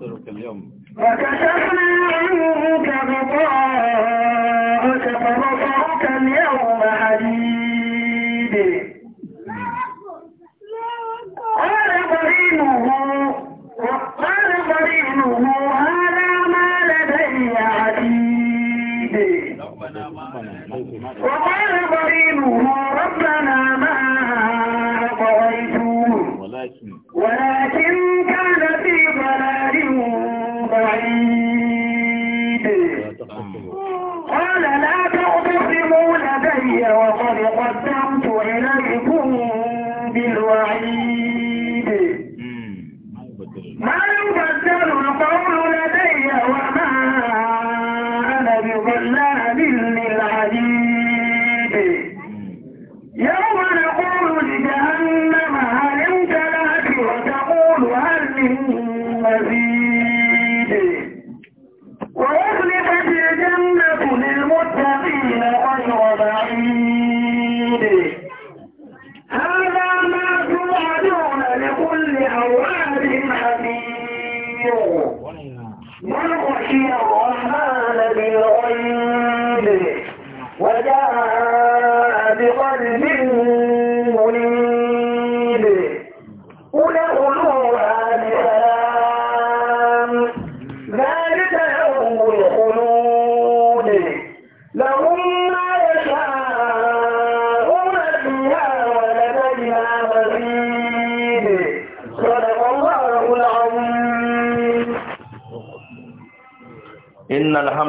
Gracias. que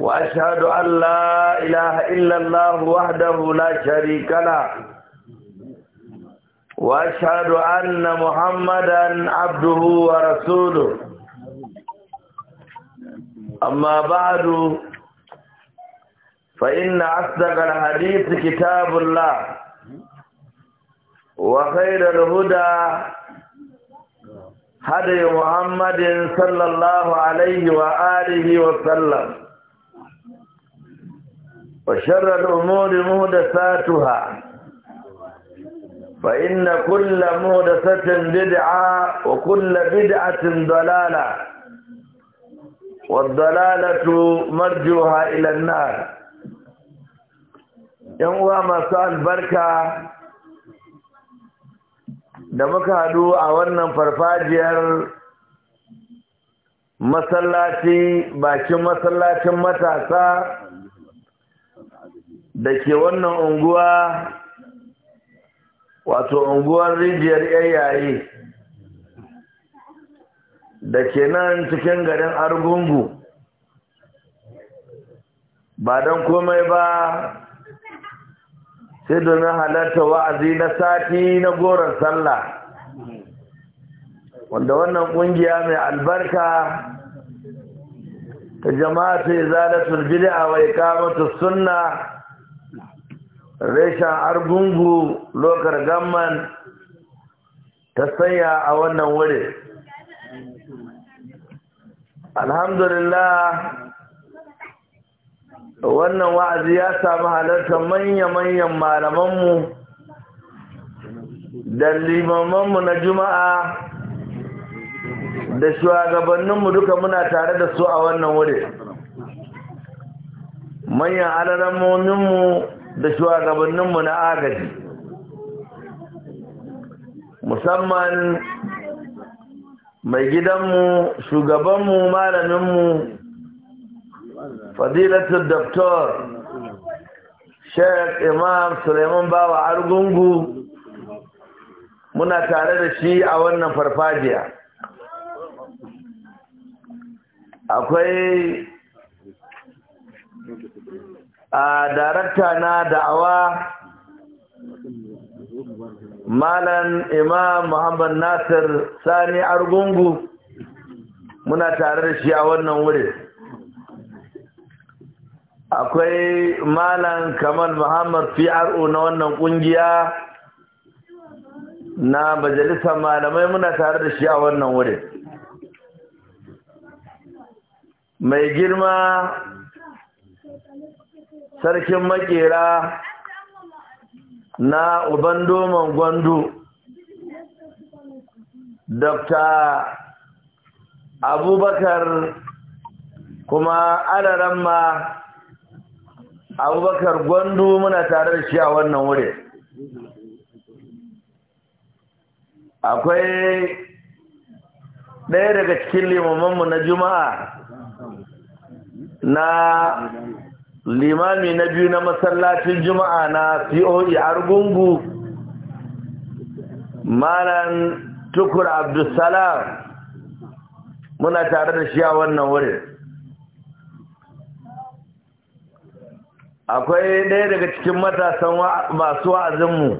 وأشهد أن لا إله إلا الله وحده لا شريك له وأشهد أن محمدا عبده ورسوله أما بعد فإن أصدق الحديث كتاب الله وخير الهدى هدي محمد صلى الله عليه وآله وسلم وشر الأمور مهدساتها فإن كل مهدسة بدعة وكل بدعة ضلالة والضلالة مرجوها إلى النار يوم مساء البركة da muka haɗu a wannan farfajiyar masallaci bakin masallacin matasa da ke wannan unguwa wato unguwar rijiyar yayaye da ke nan cikin garin argungu ba don komai ba sai domin halarta wa'azi na sati na goron sallah wanda wannan kungiya mai albarka ta jama'atu izalatul bid'a wa iqamatus sunna reshen argungu lokar gamman ta tsaya a wannan wuri alhamdulillah wannan wa'azi ya samu halartar manya-manyan malamanmu da limamanmu na juma'a da shugabanninmu duka muna tare da su a wannan wuri manyan alarammominmu da shugabanninmu na agaji musamman mai gidanmu shugabanmu malaminmu fadilatul daftar sheikh imam suleiman bawa argungu muna tare da shi a wannan farfajiya akwai darakta na da'awa malam imam muhammad nasir sani argungu muna tare da shi a wannan wurin akwai malam kamal muhammad pro na wannan kungiya na majalisar malamai muna tare da shi a wannan wuri mai girma sarkin makera na uban doman gwandu dr abubakar kuma adaran ma abubakar gwandu muna tare da shi a wannan wuri akwai ɗaya daga cikin limamanmu na juma'a na limami na biyu na masallacin juma'a na coe argungu malam tukur abdulsalam muna tare da shi a wannan wurin akwai ɗaya daga cikin matasan masu wa'azinmu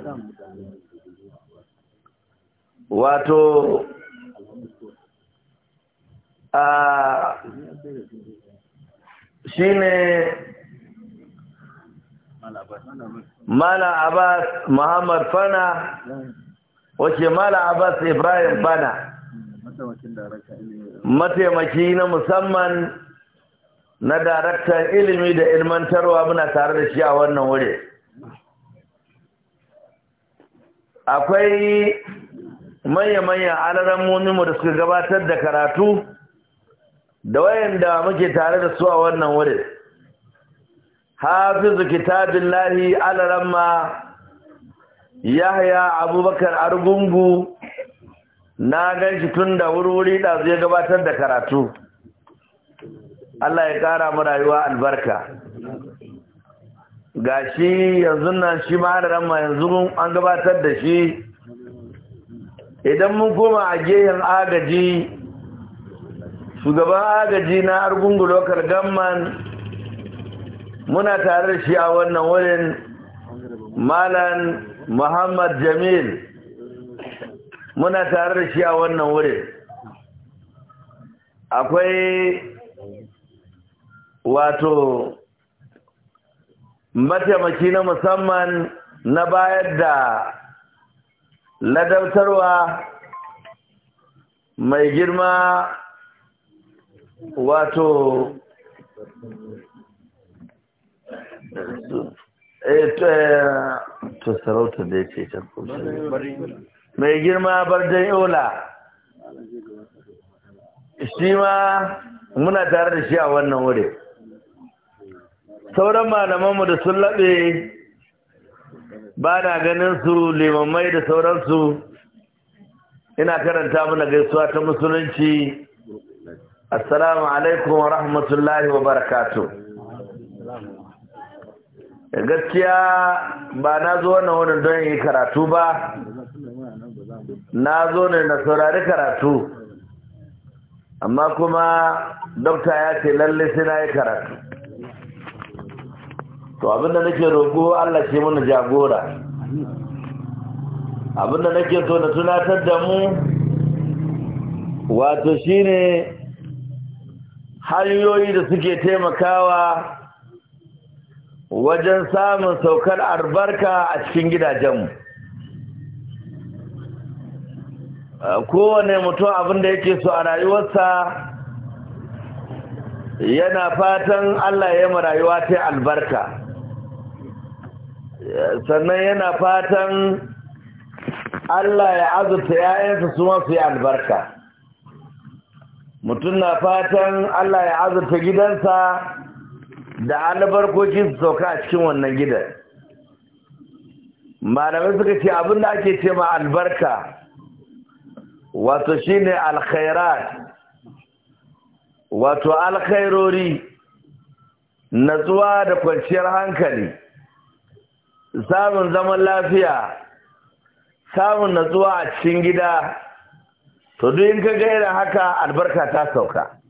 wato a shi ne mala abbas muhammad fana wace mala abbas ibrahim fana mataimaki na musamman na daraktan ilimi da ilmantarwa muna tare da shi a wannan wuri akwai manya-manyan alaran muminmu da suka gabatar da karatu da wayanda muke tare da su a wannan wurin hafizu kitabillahi alaramma yahya abubakar argungu na ganshi tun da wuri da zai gabatar da karatu Allah ya kara mu rayuwa albarka gashi yanzu nan shi ma yanzu an gabatar da shi idan mun koma a gehen agaji shugaban agaji na argungu lokar gamman muna tare da shi a wannan wurin malam muhammad jamil muna tare da shi a wannan wurin akwai wato mataimaki na musamman na bayar da ladabtarwa mai girma wato Eh, to eh, sarauta da ya mai girma bar dai ola shi ma muna tare da shi a wannan wuri sauran malamanmu da sun laɓe ba na ganin su limamai da sauransu ina karanta mana gaisuwa ta musulunci assalamu alaikum wa rahmatullahi wa barakatuh gaskiya ba na zo wannan wurin don yi karatu ba na zo ne na saurari karatu amma kuma dokta ya ce lalle sai na yi karatu to abinda nake roƙo Allah ce mana jagora abinda nake so na tunatar da mu wato shine hanyoyi da suke taimakawa wajen samun saukar albarka a cikin gidajenmu kowane mutum abin da yake so a rayuwarsa yana fatan Allah ya rayuwa ta albarka sannan yana fatan Allah ya azurta ‘ya'yansa su masu yi albarka mutum na fatan Allah ya azurta gidansa da albarkoki su sauka a cikin wannan gidan malamai suka ce abin da ake ce ma albarka wato shi ne alkhairat wato alkhairori natsuwa da kwanciyar hankali samun zaman lafiya samun natsuwa a cikin gida to duk in ka gaira haka albarka ta sauka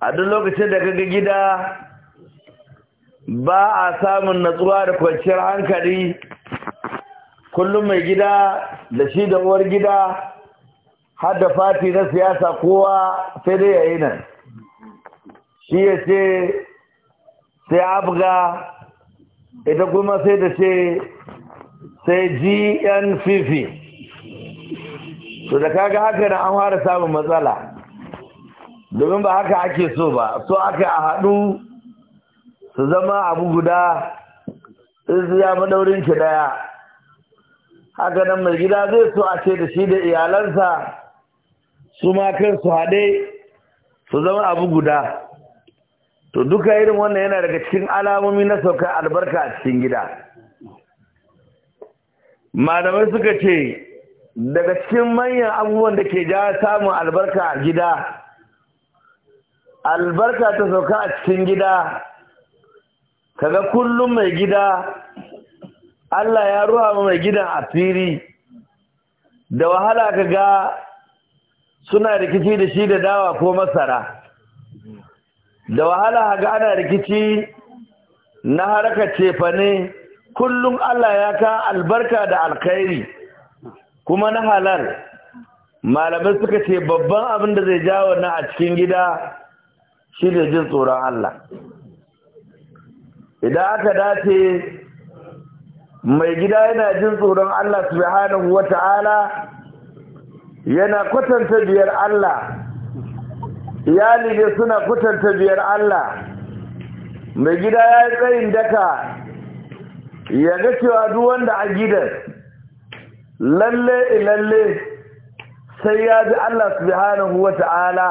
a duk lokacin da ga gida ba a samun natsuwa da kwanciyar hankali kullum mai gida da shi da uwar gida har da fati na siyasa kowa sai dai yayi nan shi ya ce sai abga ita kuma sai da ce sai gnpp to da kaga haka na an fara samun matsala domin ba haka ake so ba so aka a haɗu su zama abu guda in ya maɗaurin ki daya haka nan mai gida zai so a ce da shi da iyalansa su ma su haɗe su zama abu guda to duka irin wannan yana daga cikin alamomi na saukar albarka a cikin gida malamai suka ce daga cikin manyan abubuwan da ke ja samun albarka a gida albarka ta sauka a cikin gida kaga kullum mai gida Allah ya ruwa mai gidan a asiri da wahala ga suna rikici da shi da dawa ko masara da wahala ga ana rikici na harkar ne kullum Allah ya ka albarka da alkhairi kuma na halar malamai suka ce babban abin da zai jawo na a cikin gida shi ne jin tsoron Allah idan aka dace mai gida yana jin tsoron Allah subhanahu wata'ala yana kwatanta biyar Allah iyali ne suna kwatanta biyar Allah mai gida ya yi tsayin daka ya ga cewa duk wanda a gidan lalle lalle sai ya ji Allah subhanahu ta’ala.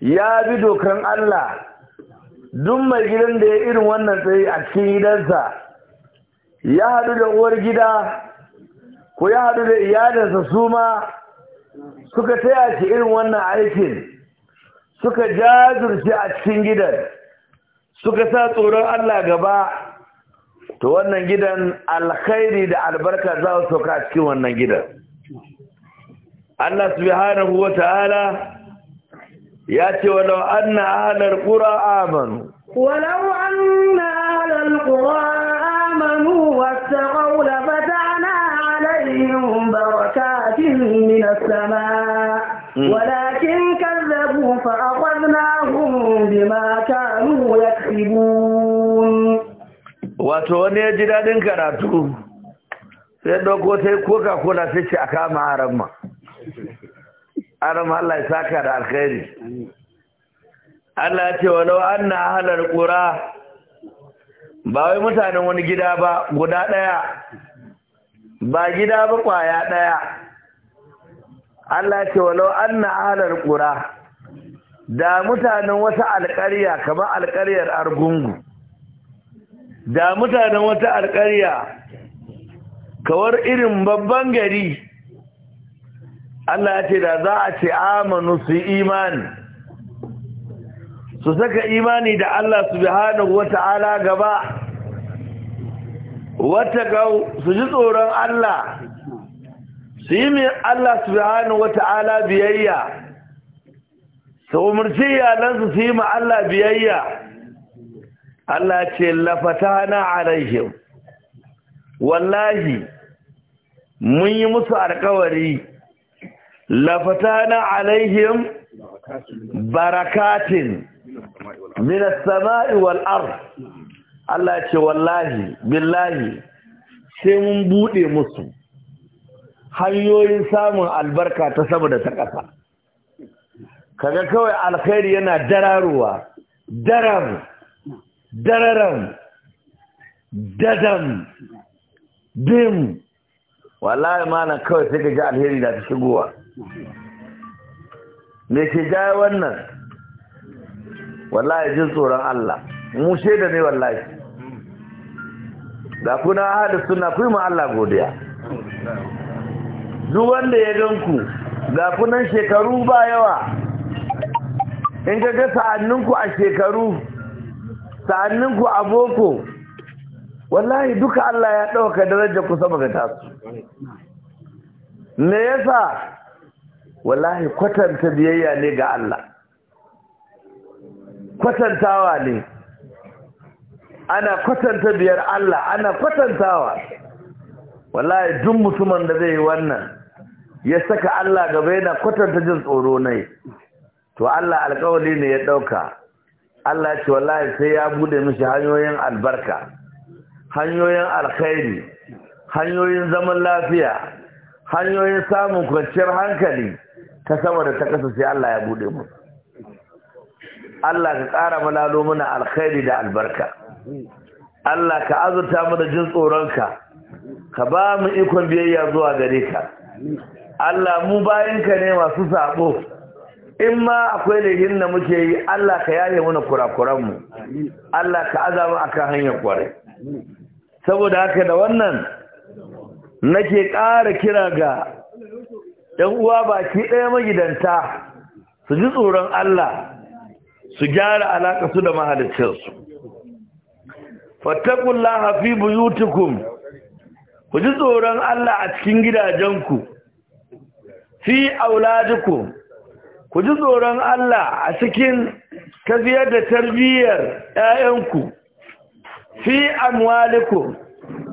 ya bi dokan Allah duk mai gidan da ya irin wannan tsaye a cikin gidansa ya haɗu da uwar gida ko ya haɗu da iyalinsa su ma suka taya shi irin wannan aikin suka jazurci a cikin gidan suka sa tsoron Allah gaba to wannan gidan alkhairi da albarka za su sauka a cikin wannan gidan Allah subhanahu wa ta'ala ya ce wa "An na ahlal qura amanu walau anna ahlal qura amanu wattaqaw la fatana alaihim barakatin min as-samaa hmm. walakin kazzabu fa akhadnahum bima kanu yaksibun wato wani ya ji daɗin karatu sai dauko sai coca cola sai ce a kama aran ma aram Allah ya saka da alkhairi Allah ya ce walau anna ahlal qura ba wai mutanen wani gida ba guda daya ba gida ba kwaya daya Allah ya ce walau anna ahlal qura da mutanen wata alƙarya kamar alƙaryar argungu da mutanen wata alƙarya kawar irin babban gari Allah ya ce da za a ce amanu su imani su saka imani da Allah Su subhanahu wata'ala gaba wata gau su ji tsoron Allah su yi min Allah subhanahu wata'ala biyayya su umarci iyalansu su yi ma Allah biyayya Allah ce lafatana alaihim wallahi mun yi musu alkawari lafatana alaihim barakatin min as-sama'i wal ard Allah ya ce wallahi billahi sai mun bude musu hanyoyin samun albarka ta sama da ta ƙasa kaga kawai alkhairi yana dararuwa daram dararam dadam dim wallahi malam kawai sai ka ji alheri da ta shigowa me ke jaya wannan wallahi jin tsoron Allah mu shaida ne wallahi da kuna ahadu suna ku mu Allah godiya duk wanda ya ganku ga kunan shekaru ba yawa in ka ga sa'anninku a shekaru sa'anninku a boko wallahi duka Allah ya ɗauka darajar ku sama ga tasu me yasa wallahi kwatanta biyayya ne ga Allah kwatantawa ne ana kwatanta biyar Allah ana kwatantawa wallahi duk mutumin da zai yi wannan ya saka Allah gaba yana kwatanta jin tsoro ne to Allah alkawari ne ya ɗauka. Allah ce wallahi sai ya bude mishi hanyoyin albarka hanyoyin alkhairi hanyoyin zaman lafiya hanyoyin samun kwanciyar hankali ta sama da ta kasa sai Allah ya bude mu Allah ka ƙara malalo mana alkhairi da albarka Allah ka azurta mu da jin tsoronka ka ba mu ikon biyayya zuwa gare ka Allah mu bayanka ne masu sabo in ma akwai laihin da muke yi Allah ka yaye mana kurakuran mu Allah ka azama akan hanyar kwarai. saboda haka da wannan nake ƙara kira ga ‘yan uwa baki ɗaya magidanta su ji tsoron Allah su gyara alaƙa su da mahalicinsu. Fattakun lahafi buyutukum ku ji tsoron Allah a cikin gidajenku, fi auladukum ku ji tsoron Allah a cikin tafiyar da tarbiyyar ‘ya'yanku, fi amwalikum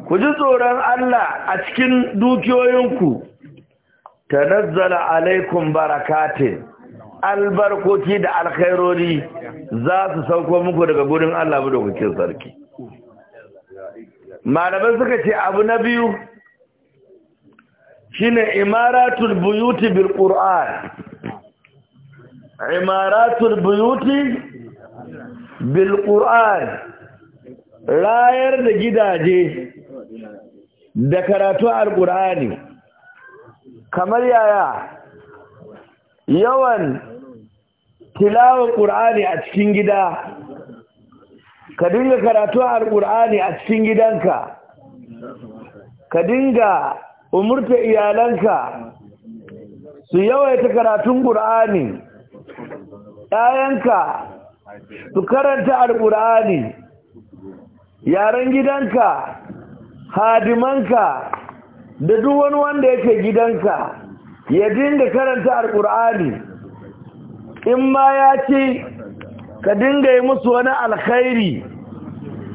ku ji tsoron Allah a cikin dukiyoyinku. tanazzala alaikum barakatin albarkoki da alkhairori za su sauko muku daga gurin Allah da kuke sarki malaman suka ce abu na biyu shine imaratul buyuti bil qur'an imaratul buyuti bil qur'an rayar da gidaje da karatu alqur'ani kamar yaya yawan tilawar ƙur'ani a cikin gida ka dinga karatu a ƙur'ani a cikin gidanka ka dinga umurta iyalanka su yawaita karatun ƙur'ani ɗayanka su karanta alƙur'ani yaren gidanka hadimanka da duk wani wanda yake gidanka ya dinga karanta alkur'ani in ma ya ce ka dinga yi musu wani alkhairi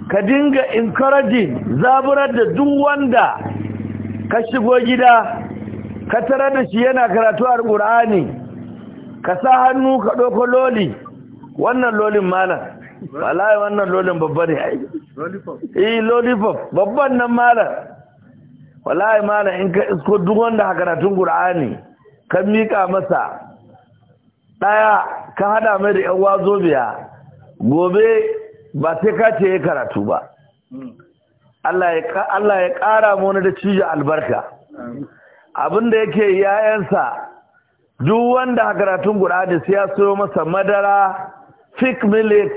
ka dinga encouraging zaburar da duk wanda ka shigo gida ka tare da shi yana karatu alkur'ani ka sa hannu ka ɗauko loli wannan lolin malam wallahi wannan lolin babba ne ai eh lollipop babban nan malam wallahi malam in ka isko duk wanda ha karatun qur'ani ka mika masa daya ka hada mai da yawa wazo biya gobe ba sai ka ce karatu ba Allah ya Allah ya kara mu wani da cije albarka abinda yake yayansa duk wanda ha qur'ani sai ya sayo masa madara fik milik,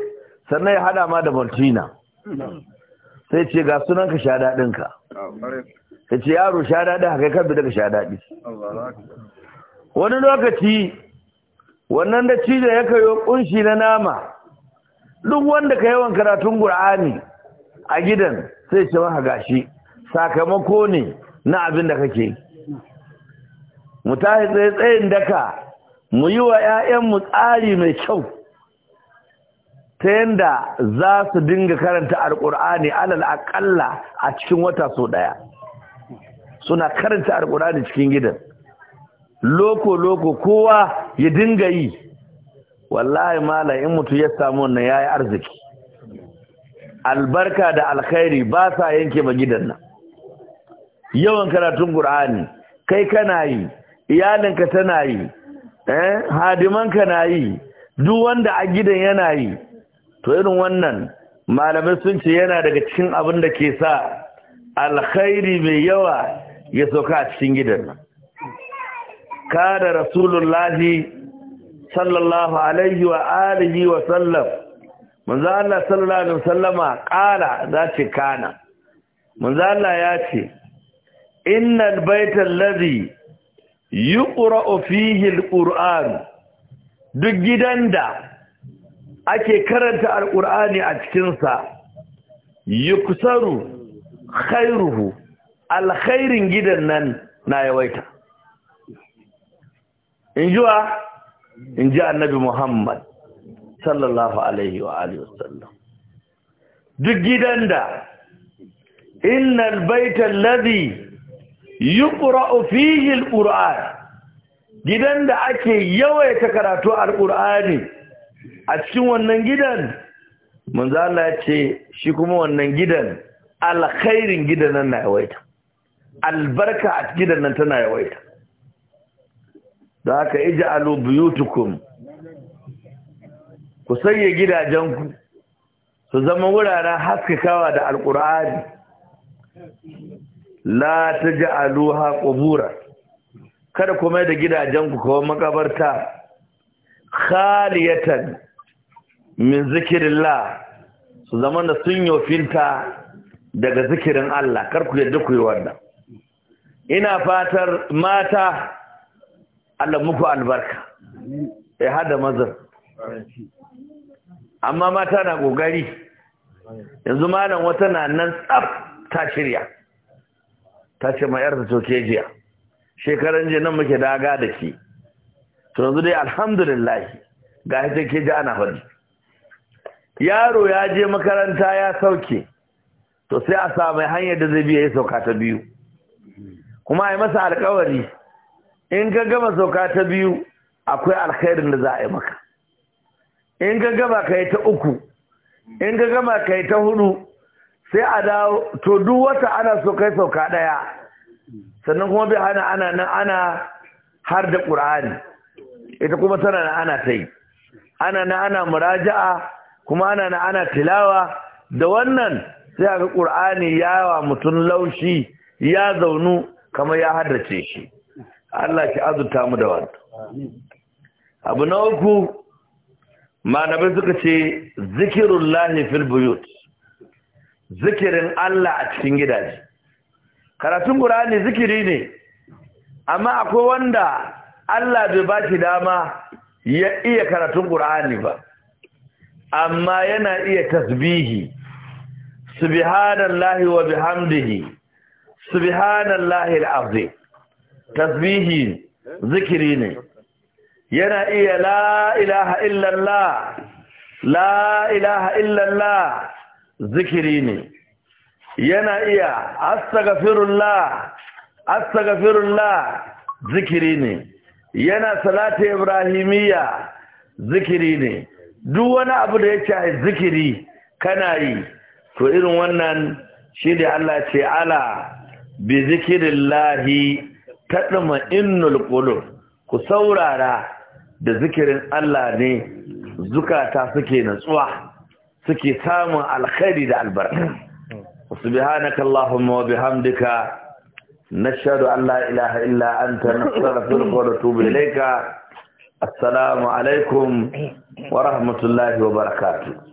sannan ya hada ma da maltina sai ce ga sunan ka sha dadin ka ta ce yaro sha daɗi haka kan daga sha daɗi wani lokaci wannan da cije ya kayo ƙunshi na nama duk wanda ka yawan karatun gur'ani a gidan sai ce maka gashi sakamako ne na abin da kake mu tashi tsaye tsayin daka mu yi wa 'ya'yanmu tsari mai kyau ta yadda za su dinga karanta alƙur'ani alal aƙalla a cikin wata so ɗaya suna karanta alkur'ani cikin gidan loko loko kowa ya dinga yi wallahi mala in mutu ya samu wannan yayi arziki albarka da alkhairi ba sa yanke ma gidan nan yawan karatun qur'ani kai kana yi iyalinka tana yi eh hadimanka na yi duk wanda a gidan yana yi to irin wannan malamai sun ce yana daga cikin abin da ke sa alkhairi mai yawa ya sauka a cikin gidan nan kada rasulullahi sallallahu alaihi wa alihi wa sallam manzo Allah sallallahu alaihi wasallama kala zace kana manzo Allah ya ce innal baita allazi yuqra'u fihi alquran duk gidan da ake karanta alqur'ani a cikin sa yuksaru khairuhu alkhairin gidan nan na yawaita in ji wa in ji annabi muhammad sallallahu alaihi wa alihi wasallam duk gidan da innal baita allazi yuqra'u fihi alquran gidan da ake yawaita karatu alqur'ani a cikin wannan gidan manzo Allah ce shi kuma wannan gidan alkhairin gidan nan na yawaita albarka a gidan nan tana yawaita da haka ij'alu alubiyutukun ku sanya gidajenku su zama wuraren haskakawa da alkur'ani la aluha ƙubura. kada kuma da gidajenku kawo makabarta khaliyatan min la su zama da sun yofinta daga zikirin Allah karku ku yadda ku yi wannan ina fatar mata Allah muku albarka ya eh, hada mazan amma mata na gogari yanzu malam wata na nan tsaf ta shirya ta ce ma yarta to jiya shekaran jiya nan muke daga da ke to yanzu dai alhamdulillah ga ita ke ji ana faɗi yaro ya je makaranta ya sauke to sai a sa mai hanyar da zai biya ya sauka ta biyu kuma yi masa alkawari in ka gama sauka ta biyu akwai alkhairin da za a yi maka in ka gama ka yi ta uku in ka gama ka yi ta hudu sai a dawo to duk wata ana so kai sauka daya sannan kuma bai hana ana nan ana har da ƙur'ani ita kuma tana na ana ta yi ana na ana muraja'a kuma ana na ana tilawa da wannan sai a ga ƙur'ani yawa mutum laushi ya zaunu kamar ya haddace shi Allah ki azurta mu da wannan abu na uku malamai suka ce zikirullahi fil buyut zikirin Allah a cikin gidaje karatun Qur'ani zikiri ne amma akwai wanda Allah bai ba shi dama ya iya karatun Qur'ani ba amma yana iya tasbihi subhanallahi wa bihamdihi subhanallahi alazim tasbihi zikiri ne yana iya la ilaha illallah la ilaha illallah zikiri ne yana iya astaghfirullah astaghfirullah zikiri ne yana salati ibrahimiyya zikiri ne duk wani abu da ya ce zikiri kana yi to irin wannan shi da Allah ce ala bi zikirillahi taɗuma innul qulub ku saurara da zikirin Allah ne zukata suke natsuwa suke samun alkhairi da albarka subhanaka allahumma wa bihamdika nashhadu an la ilaha illa anta nastaghfiruka wa natubu ilayka assalamu alaikum wa rahmatullahi wa barakatuh